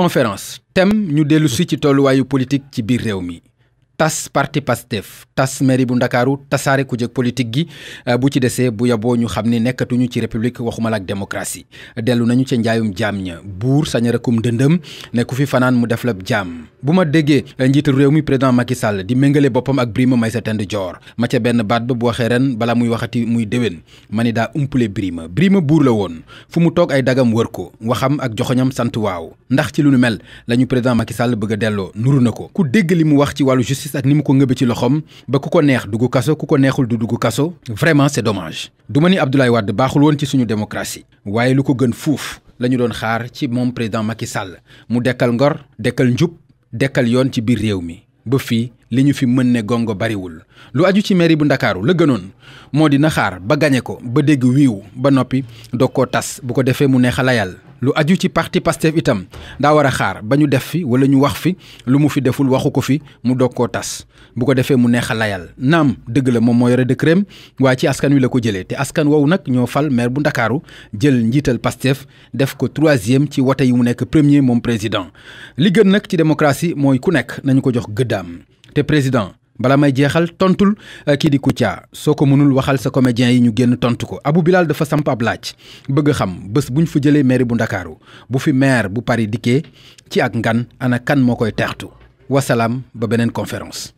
conférence thème ñu dellusi ci tolluwaayu politique ci biir réew mi tas parti Pastef tas mairie bu ndakaaru tasaare ku jëkk politique gi euh, bu ci desee bu yaboo ñu xam ni nekkatuñu ci république waxumal ak démocratie dellu nañu ci njaayum jaam ña buur sañarakum dëndëm ne ku fi fanaan mu def la jaam bu ma déggee eh, njiitu réew mi président Macky Sall di méngale boppam ak Birima Maïssata Ndior ma ca benn baat ba bu waxee ren bala muy waxati muy déwén ma ni daa umpale Birima Birima buur la woon fu mu toog ay dagam wër ko waxam ak joxoñam sant waaw ndax ci lu nu mel la ñu président Macky Sall bëgg a delloo nuru na ko ku dégg li mu wax ci wàllu justice ak ni mu ko ngëbe ci loxoom ba ku ko neex dugg kaso ku ko neexul du dugg kaso vraiment c'est dommage du ma ni Abdoulaye Wade baaxul woon ci suñu démocratie waaye lu ko gën fuuf la ñu doon xaar ci moom président Macky Sall mu dekkal ngor dekkal njub dekkal yoon ci biir réew mi ba fii li ñu fi mën ne gongo bariwul lu aju ci mairie bu ndakaaru la gënoon moo dina na xaar ba gañe ko ba dégg wiiw ba noppi doo koo tas bu ko defee mu neex a layal lu aju ci parti Pastef itam daa war a xaar ba ñu def fi wala ñu wax fi lu mu fi deful waxu ko fi mu dog koo tas bu ko defee mu neex a layal naam dëgg la moom moo yore dëkkëram waaye ci askan wi la ko jëlee te askan woowu nag ñoo fal maire bu Ndakaaru jël njiital Pastef def ko troisième ci wote yi mu nekk premier moom président li gën nag ci démocratie mooy ku nekk nañu ko jox gëddaam te président bala may jeexal tontul euh, kii di Kouthia soo ko mënul waxal sa comédiens yi ñu génn tontu ko abu Bilal dafa samp ab laaj bëgg xam bés bu ñu fa jëlee maire bu Ndakaaru bu fi maire bu Paris dikkee ci ak ngan ana kan moo koy teextu wasalaam ba beneen conférence